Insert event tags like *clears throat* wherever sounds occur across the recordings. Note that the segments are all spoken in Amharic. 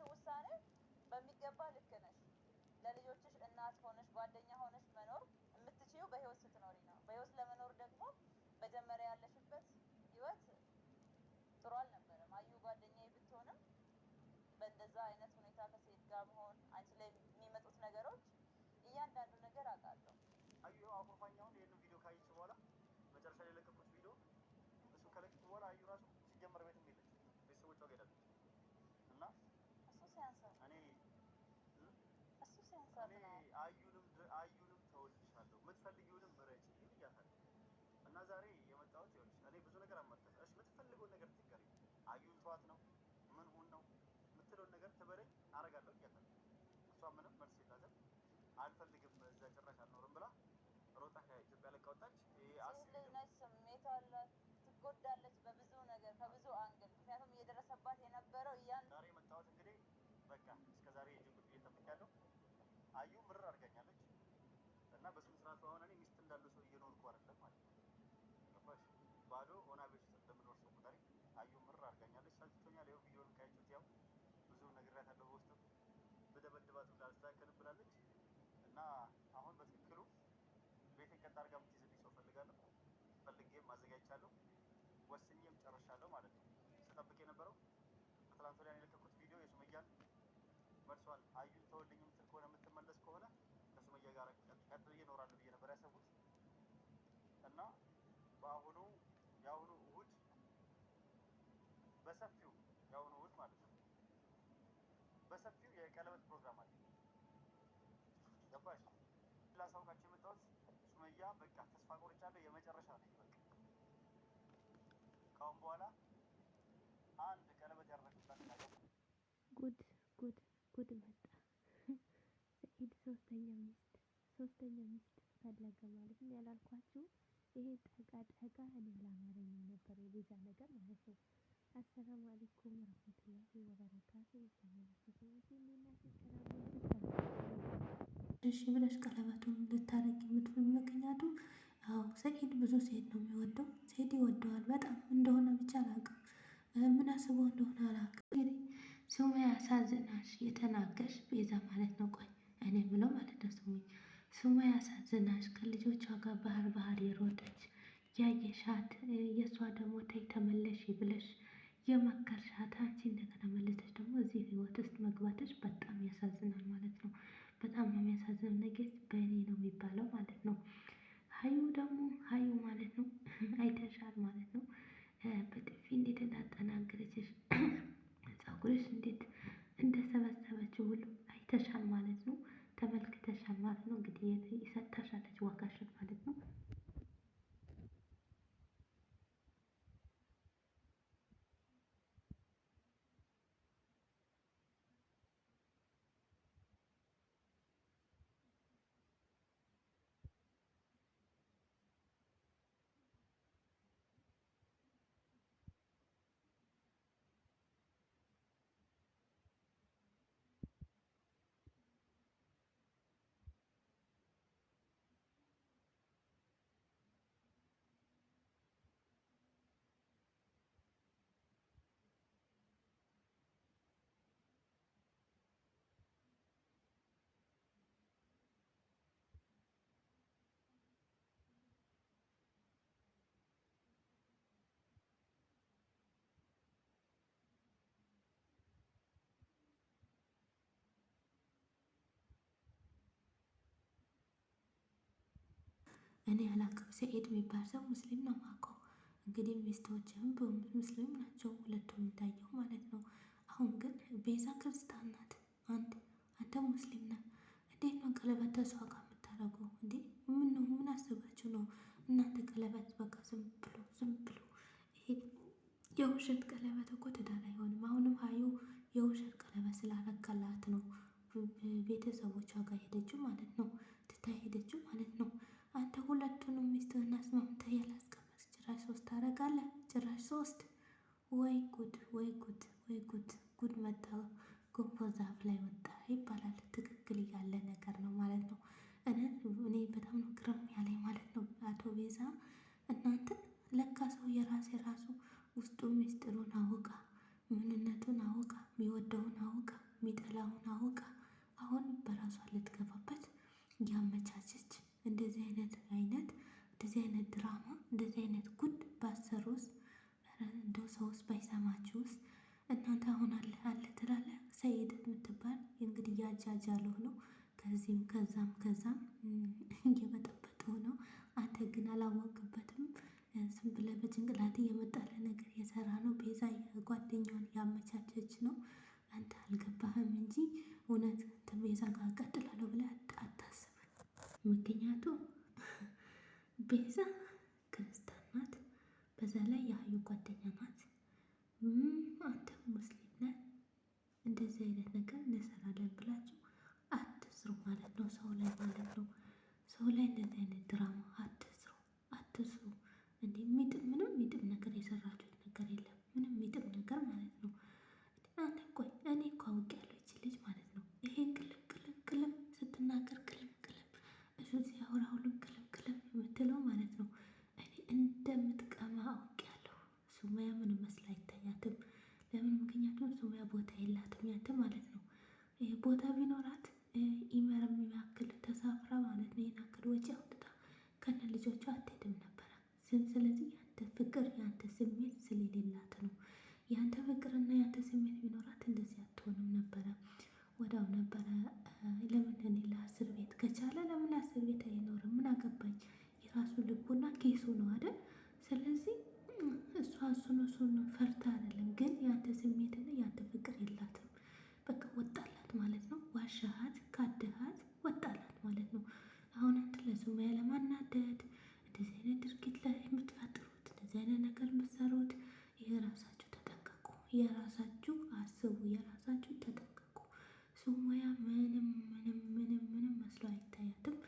የወሰንሽው ውሳኔ በሚገባ ልክ ነሽ። ለልጆችሽ እናት ሆነሽ ጓደኛ ሆነሽ መኖር የምትችይው በህይወት ስትኖሪ ነው። በህይወት ለመኖር ደግሞ መጀመሪያ ያለሽበት ህይወት ጥሩ አልነበረም። አዩ ጓደኛዬ ብትሆንም በእንደዛ አይነት ሁኔታ ከሴት ጋር መሆን አንቺ ላይ የሚመጡት ነገሮች እያንዳንዱ ነገር አውቃለሁ። አዩ አኩርፋኛውን አዩንም ተወልሻለሁ የምትፈልጊውንም ምረጭ እያታለሁ እና ዛሬ አዩ ምር አድርጋኛለች እና በስነ ስርዓቱ አሁን እኔ ሚስት እንዳለው ሰው እየኖርኩ አይደለም ማለት ነው። ገባሽ? ባዶ ሆና ቤት ውስጥ እንደምኖር ሰው ቁጠሪ። አዩ ምርር አድርጋኛለች፣ ሰልችቶኛል። ይኸው ቪዲዮን ካያችሁት ያው ብዙ ነግሬያታለሁ። በውስጥም በደበድባት ላልስተካከል ብላለች እና አሁን በትክክሉ ቤቴን ቀጥ አድርጋ የምትይዝልኝ ሰው ፈልጋለሁ። ፈልጌም አዘጋጅቻለሁ፣ ወስኜም ጨርሻለሁ ማለት ነው። ስጠብቅ የነበረው በትላንት ወዲያ የለቀኩት ቪዲዮ የሱመያን መልሷል። አዩን ተወልኝም እና በአሁኑ የአሁኑ እሁድ በሰፊው የአሁኑ እሁድ ማለት ነው በሰፊው የቀለበት ፕሮግራም አለ። ገባሽ? ላሳውቃቸው የመጣሁት ሱመያ በቃ ተስፋ ቆርጫለሁ። የመጨረሻ ነው በቃ ካሁን በኋላ አንድ ቀለበት ያደረግባት ነገር ጉድ ጉድ ጉድ መጣ። ሰኢድ *laughs* ሶስተኛ ሚስት ሶስተኛ ሚስት ፈለገ ማለት ነው ያላልኳችሁ ይሄ ጠጋ ጠጋ እኔ ለአማርኛ ነበር የቤዛ ነገር ማለት ነው። አሰላሙ አለይኩም ወረህመቱላሂ ወበረካቱ። እሺ ብለሽ ቀለበቱን እንድታረጊ የምትሆን ምክንያቱም አዎ ሰኢድ ብዙ ሴት ነው የሚወደው። ሴት ይወደዋል በጣም እንደሆነ ብቻ አላውቅም፣ ምን እንደሆነ አላውቅም። እንግዲህ ያሳዝናሽ የተናገርሽ ቤዛ ማለት ነው። ቆይ እኔ ብለው ማለት ነው ስሙ ስሟ ያሳዝናል። ከልጆቿ ጋር ባህር ባህር የሮጠች ያየሻት፣ የእሷ ደግሞ ተይ ተመለሽ ብለሽ የመከርሻት አንቺ እንደገና መለሰች ደግሞ እዚህ ህይወት ውስጥ መግባትሽ በጣም ያሳዝናል ማለት ነው። በጣም የሚያሳዝን ነገር በእኔ ነው የሚባለው ማለት ነው። ሀዩ ደግሞ ሀዩ ማለት ነው *clears throat* አይተሻል ማለት ነው። በጥፊ እንዴት እንዳጠናገረችሽ፣ *clears throat* ፀጉርሽ እንዴት እንደሰበሰበችው ሁሉ እኔ አላውቅም። ሰኢድ የሚባል ሰው ሙስሊም ነው የማውቀው። እንግዲህ ሚስቶችም ሙስሊም ናቸው ሁለቱ የሚታየው ማለት ነው። አሁን ግን ቤዛ ክርስቲያን ናት። አንድ አንተ ሙስሊም ነህ። እንዴት ነው ቀለበት ተስፋ ጋር የምታደርገው? እንዴ ምን ነው ምን አስባችሁ ነው እናንተ? ቀለበት በቃ ዝም ብሎ ዝም ብሎ ይሄ የውሸት ቀለበት እኮ ትዳር አይሆንም። አሁንም ሀዩ የውሸት ቀለበት ስላረከላት ነው ቤተሰቦቿ ጋር ሄደችው ማለት ነው። ሶስት ወይ ጉድ ወይ ጉድ ወይ ጉድ ጉድ መጣ ጉቦ ዛፍ ላይ ወጣ ይባላል። ትክክል ያለ ነገር ነው ማለት ነው። እኔ በጣም ግርም ያለኝ ማለት ነው አቶ ቤዛ እናንተ ለካ ሰው የራስ የራሱ ውስጡ ሚስጥሩን አውቃ ምንነቱን አውቃ የሚወደውን አውቃ የሚጠላውን አውቃ አሁን በራሷ ልትገባበት ያመቻቸች እንደዚህ አይነት አይነት እንደዚህ አይነት ድራማ እያጃጃለሁ ነው። ከዚህም ከዛም ከዛም እየበጠበጠው ነው። አንተ ግን አላወቅበትም። ዝም ብለህ በጭንቅላት እየመጣለ ነገር የሰራ ነው። ቤዛ ጓደኛውን ያመቻቸች ነው። አንተ አልገባህም እንጂ እውነት ከቤዛ ጋር ቀጥላለሁ ብለህ አታስብ። ምክንያቱም ቤዛ ክርስቲያን ናት። በዛ ላይ የሀዩ ጓደኛ ናት። አንተ ሙስሊም ነህ። እንደዚህ አይነት ነገር እንሰራለን ብላችሁ አትስሩ ማለት ነው፣ ሰው ላይ ማለት ነው። ሰው ላይ እንደዚህ አይነት ድራማ አትስሩ፣ አትስሩ። እንዲ ሚጥም ምንም ሚጥም ነገር የሰራችሁት ነገር የለም፣ ምንም ሚጥም ነገር ማለት ነው። አንተ ቆይ እኔ እኮ አውቄያለሁ ይች ልጅ ማለት ነው። ይሄን ቅልም ቅልም ቅልም ስትናገር ቅልም ቅልም እሱ ሲያወራ ሁሉም ቅልም ቅልም የምትለው ማለት ነው። እኔ እንደምትቀማ አውቄያለሁ። ሱማያ ምንም መስላ አይታያትም። ለምን? ምክንያቱም ሱማያ ቦታ የላትም ያንተ ማለት ነው። ይሄ ቦታ ቢኖራት ኬሱ ነው አይደል? ስለዚህ እሷ እሱን እሱን ፈርታ አይደለም፣ ግን ያንተ ስሜትና ያንተ ፍቅር የላትም። በቃ ወጣላት ማለት ነው። ዋሻሃት፣ ካደሃት፣ ወጣላት ማለት ነው። አሁን አንተ ለሱማያ ለማናደድ እንደዚህ አይነት ድርጊት ላይ የምትፈጥሩት እንደዚህ አይነት ነገር የምትሰሩት የራሳችሁ ተጠንቀቁ፣ የራሳችሁ አስቡ፣ የራሳችሁ ተጠንቀቁ። ሱማያ ምንም ምንም ምንም ምንም መስሎ አይታያትም።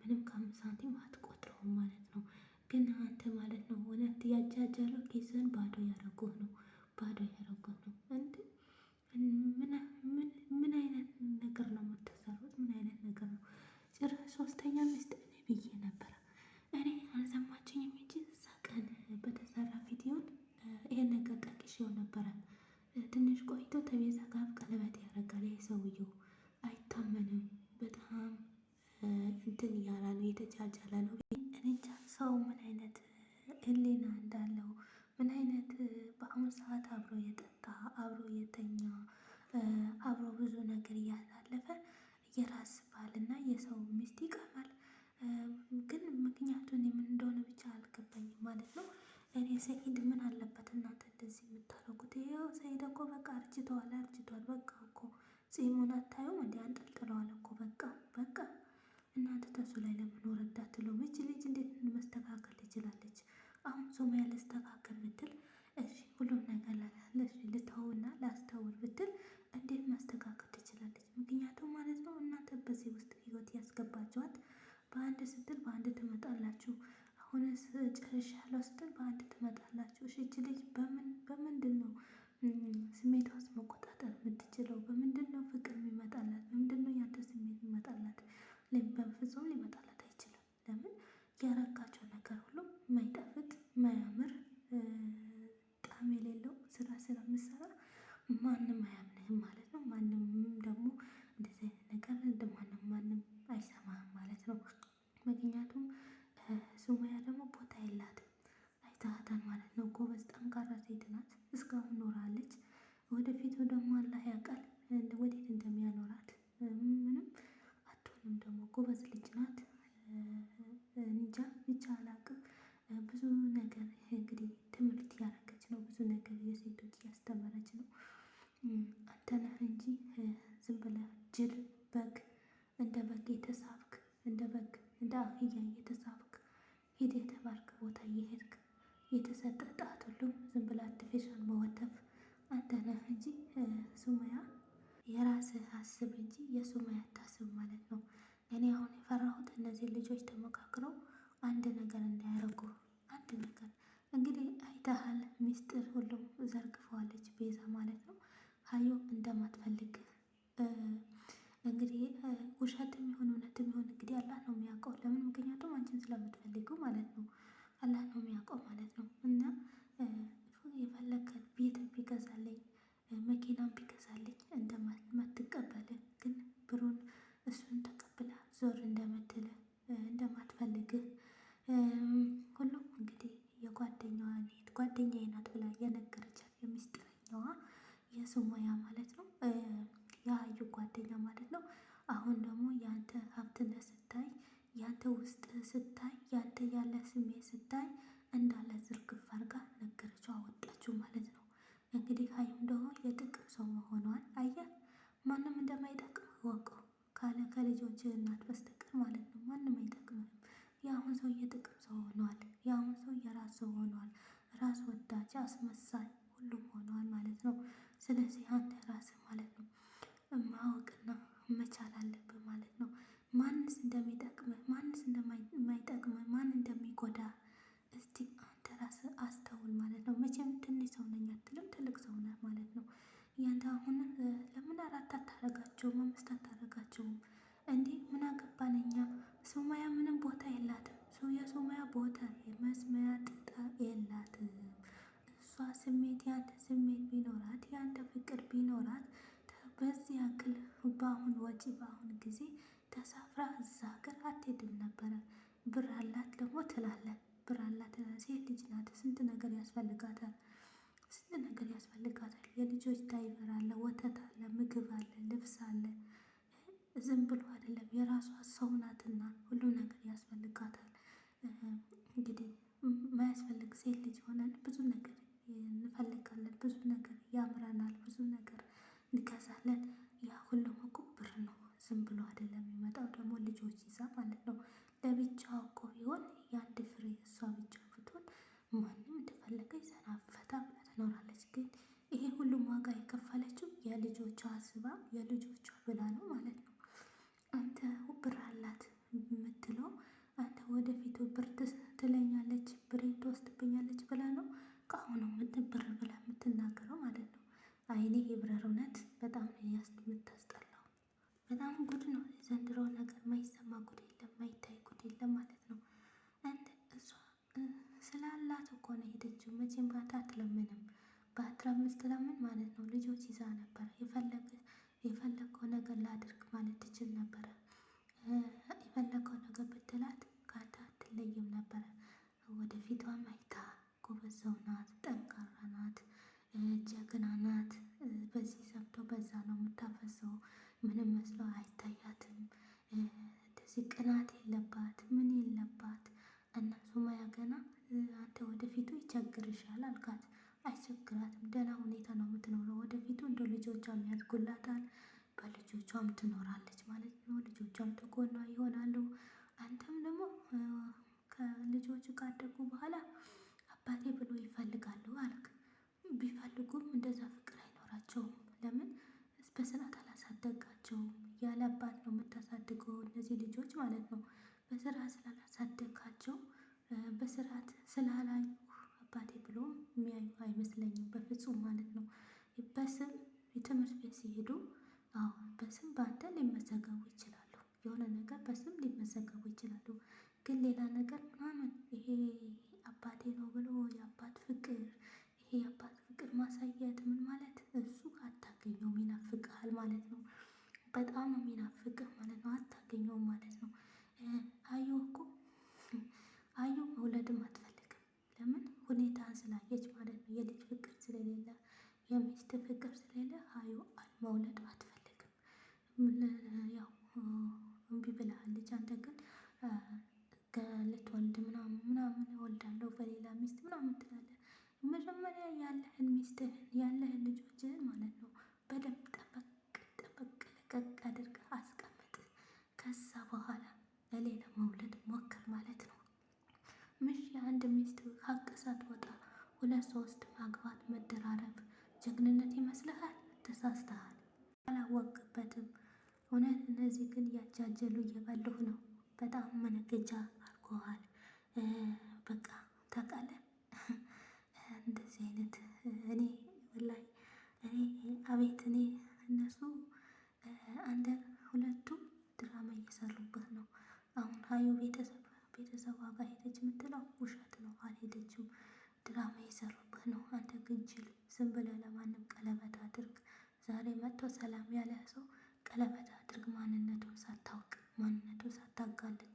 ምንም ከአምስት ሳንቲም አትቆጥረውም ማለት ነው። ግን አንተ ማለት ነው እውነት ያጃጃሉ ኪስን ባዶ ያደረጉህ ነው ባዶ ሰው ምን አይነት ህሊና እንዳለው ምን አይነት በአሁኑ ሰዓት አብሮ የጠጣ አብሮ የተኛ አብሮ ብዙ ነገር እያሳለፈ የራስ እና የሰው ሚስት ይቀማል። ግን ምክንያቱን ምን እንደሆነ ብቻ አልገባኝም ማለት ነው። እኔ ሰኢድ ምን አለበት እናንተ እንደዚህ የምታደርጉት? ይኸው ሰኢድ እኮ በቃ አርጅቷል አርጅቷል በቃ እኮ ጺሙን ነገር እንግዲህ ትምህርት ያደረገች ነው። ብዙ ነገር የሴቶች ያስተማረች ነው። አንተ ነህ እንጂ ዝም ብለህ ጅል በግ እንደ በግ የተሳብክ እንደ በግ እንደ አህያ የተሳብክ ሂድ የተባልክ ቦታ እየሄድክ የተሰጠ ጣት ሁሉ ዝም ብለህ አርቲፊሻል መወተፍ አንተ ነህ እንጂ ሱማያ የራስህ አስብ እንጂ የሱማያ አታስብ ማለት ነው። እኔ አሁን የፈራሁት እነዚህ ልጆች ተመካክረው አንድ ነገር እንዳያደርጉ አንድ ነገር እንግዲህ አይተሃል፣ ሚስጥር ሁሉ ጓደኛዬ ናት ብላ የነገረቻት የምስጢረኛዋ የሱሙያ ማለት ነው የአዩ ጓደኛ ማለት ነው። አሁን ደግሞ ያንተ ሀብትነት ስታይ ያንተ ውስጥ ስታይ ያንተ ያለ ስሜት ስታይ አስመሳይ ሁሉም ሆነዋል ማለት ነው። ስለዚህ አንተ ራስህ ማለት ነው ማወቅና መቻል አለብህ ማለት ነው። ማንስ እንደሚጠቅምህ ማንስ እንደማይጠቅምህ ማን እንደሚጎዳ እስቲ አንተ ራስህ አስተውል ማለት ነው። መቼም ትንሽ ሰው ነኝ አትልም፣ ትልቅ ሰው ነህ ማለት ነው። ያንተ አሁን ለምን አራት አታረጋቸውም? አምስት አታረጋቸውም? እንዲህ ምን አገባን እኛ። ሱማያ ምንም ቦታ የላትም። የሱማያ ቦታ የመስመያ ጥጣ የላትም። ስሜት ያንተ ስሜት ቢኖራት ያንተ ፍቅር ቢኖራት በዚህ ያክል በአሁን ወጪ በአሁን ጊዜ ተሳፍራ እዛ ሀገር አትሄድም ነበረ። ብር አላት ደግሞ ትላለህ። ብር አላት ሴት ልጅ ናት። ስንት ነገር ያስፈልጋታል። ስንት ነገር ያስፈልጋታል። የልጆች ዳይበር አለ፣ ወተት አለ፣ ምግብ አለ፣ ልብስ አለ። ዝም ብሎ አይደለም የራሷ ሰው ናትና ሁሉ ነገር ያስፈልጋታል። እንግዲህ ማያስፈልግ ሴት ልጅ ሆነን ብዙ ነገር እንፈልጋለን። ብዙ ነገር ያምረናል፣ ብዙ ነገር እንገዛለን። ያ ሁሉም እኮ ብር ነው፣ ዝም ብሎ አይደለም የሚመጣው። ደግሞ ልጆች ይዛ ማለት ነው። ለብቻዋ እኮ ቢሆን የአንድ ፍሬ እሷ ብቻ ብትሆን ማንም እንደፈለገ ይዘናፈታ ብላ ትኖራለች። ግን ይሄ ሁሉም ዋጋ የከፈለችው የልጆቿ አስባ የልጆቿ አይኔ የብረር እውነት በጣም ነው የምታስጠላው። በጣም ጉድ ነው ዘንድሮ ነገር። ማይሰማ ጉድ የለም፣ ማይታይ ጉድ የለም ማለት ነው። እሷ ስላላት እኮ ነው የሄደችው። መቼም ባታ አትለምንም፣ በአትራምስ ትለምን ማለት ነው። ልጆች ይዛ ነበረ። የፈለገው ነገር ላድርግ ማለት ትችል ነበረ። የፈለገው ነገር ብትላት ካታ አትለይም ነበረ። ወደፊቷም አይታ ጎበዝ ሰው ናት፣ ጠንካራ ናት። ጀግና ናት። በዚህ ሰብቶ በዛ ነው የምታፈሰው። ምንም መስሎ አይታያትም። እንደዚህ ቅናት የለባት ምን የለባት። እና ሱማያ ገና አንተ ወደፊቱ ይቸግርሻል አልካት። አይቸግራትም። ደህና ሁኔታ ነው የምትኖረው። ወደፊቱ እንደ ልጆቿም ያድጉላታል፣ በልጆቿም ትኖራለች። ለምን በስርዓት አላሳደጋቸውም። ያለ አባት ነው የምታሳድገው እነዚህ ልጆች ማለት ነው። በስርዓት ስላላሳደግካቸው በስርዓት ስላላዩ አባቴ ብሎ የሚያዩ አይመስለኝም በፍጹም ማለት ነው። በስም የትምህርት ቤት ሲሄዱ አዎ በስም በአንተ ሊመዘገቡ ይችላሉ። የሆነ ነገር በስም ሊመዘገቡ ይችላሉ። ግን ሌላ ነገር ምናምን ይሄ አባቴ ነው ብሎ የአባት ፍቅር የአባት ፍቅር ማሳየት ምን ማለት እሱ አታገኘው ይናፍቅሃል ማለት ነው። በጣም ነው የሚናፍቅህ ማለት ነው። አታገኘውም ማለት ነው። አዩ እኮ አዩ መውለድም አትፈልግም። ለምን ሁኔታ ስላየች ማለት ነው። የልጅ ፍቅር ስለሌለ የሚስት ፍቅር ስለሌለ አዩ መውለድ አትፈልግም። ያው እምቢ ብላሃለች። አንተ ግን ልትወልድ ምናምን ምናምን እወልዳለሁ በሌላ ሚስት ምናምን ትላለች። መጀመሪያ ያለህን ሚስትህን ያለህን ልጆችህን ማለት ነው በደንብ ጠበቅ ጠበቅ ለቀቅ አስቀምጥ። ከዛ በኋላ ለሌላ መውለድ ሞክር ማለት ነው። ምሽ የአንድ ሚስት ሀቅ ሳትወጣ ሁለት ሶስት ማግባት መደራረብ ጀግንነት ይመስልሃል? ተሳስተሃል፣ አላወቅበትም። እውነት እነዚህ ግን ያጃጀሉ እየበሉህ ነው። በጣም መነገጃ አንደር ሁለቱም ድራማ እየሰሩበት ነው። አሁን ሀዩ ቤተሰብ ቤተሰቧ ጋር ሄደች የምትለው ውሸት ነው፣ አልሄደችም። ድራማ እየሰሩበት ነው። አንተ ግንችል ዝም ብለህ ለማንም ቀለበት አድርግ። ዛሬ መጥቶ ሰላም ያለ ሰው ቀለበት አድርግ፣ ማንነቱን ሳታውቅ፣ ማንነቱን ሳታጋልጥ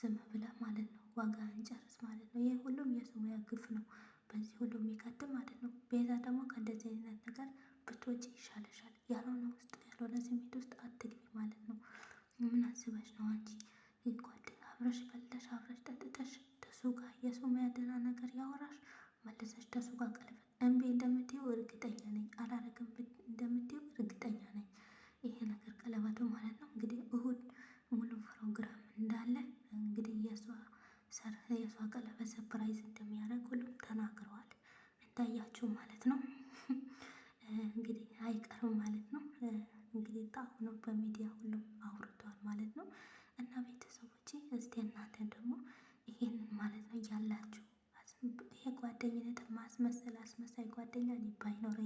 ዝም ብለህ ማለት ነው። ዋጋ እንጨርስ ማለት ነው። ይህ ሁሉም የሱሙያ ግፍ ነው። በዚህ ሁሉ የሚቀጥል ማለት ነው። ቤዛ ደግሞ ከእንደዚህ አይነት ነገር ብትወጪ ይሻለሻል። ያልሆነ ውስጥ እልሻለሁ። ለዚህ ውስጥ አትግቢ ማለት ነው። ምን አስበሽ ነው አንቺ? ጓደኛ አብረሽ በልተሽ አብረሽ ጠጥተሽ ከሱ ጋር የሰው የሚያደላ ነገር ያወራሽ መልሰሽ ከሱ ጋር ቀለበት እምቢ እንደምትይው እርግጠኛ ነኝ። አላረግም እንደምትይው እርግጠኛ ነኝ። ይሄ ነገር ቀለበቱ ማለት ነው እንግዲህ እሁድ ሙሉ ፕሮግራም እንዳለ እንግዲህ የእሷ ሰርግ የእሷ ቀለበት ሰርፕራይዝ እንደሚያደርግ ሁሉም ተናግረዋል። እንዳያችሁ ማለት ነው *laughs* እንግዲህ አይቀርም ማለት ነው። እንግዲህ ጣፍ በሚዲያ ሁሉም አውርቷል ማለት ነው። እና ቤተሰቦች እስቲ እናንተ ደግሞ ይሄንን ማለት ነው ያላችሁ የጓደኝነት ማስመሰል አስመሳይ ጓደኛ እኔ